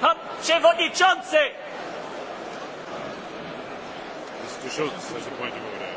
Pan przewodniczący! Jest tu Schulz, że pani mówi.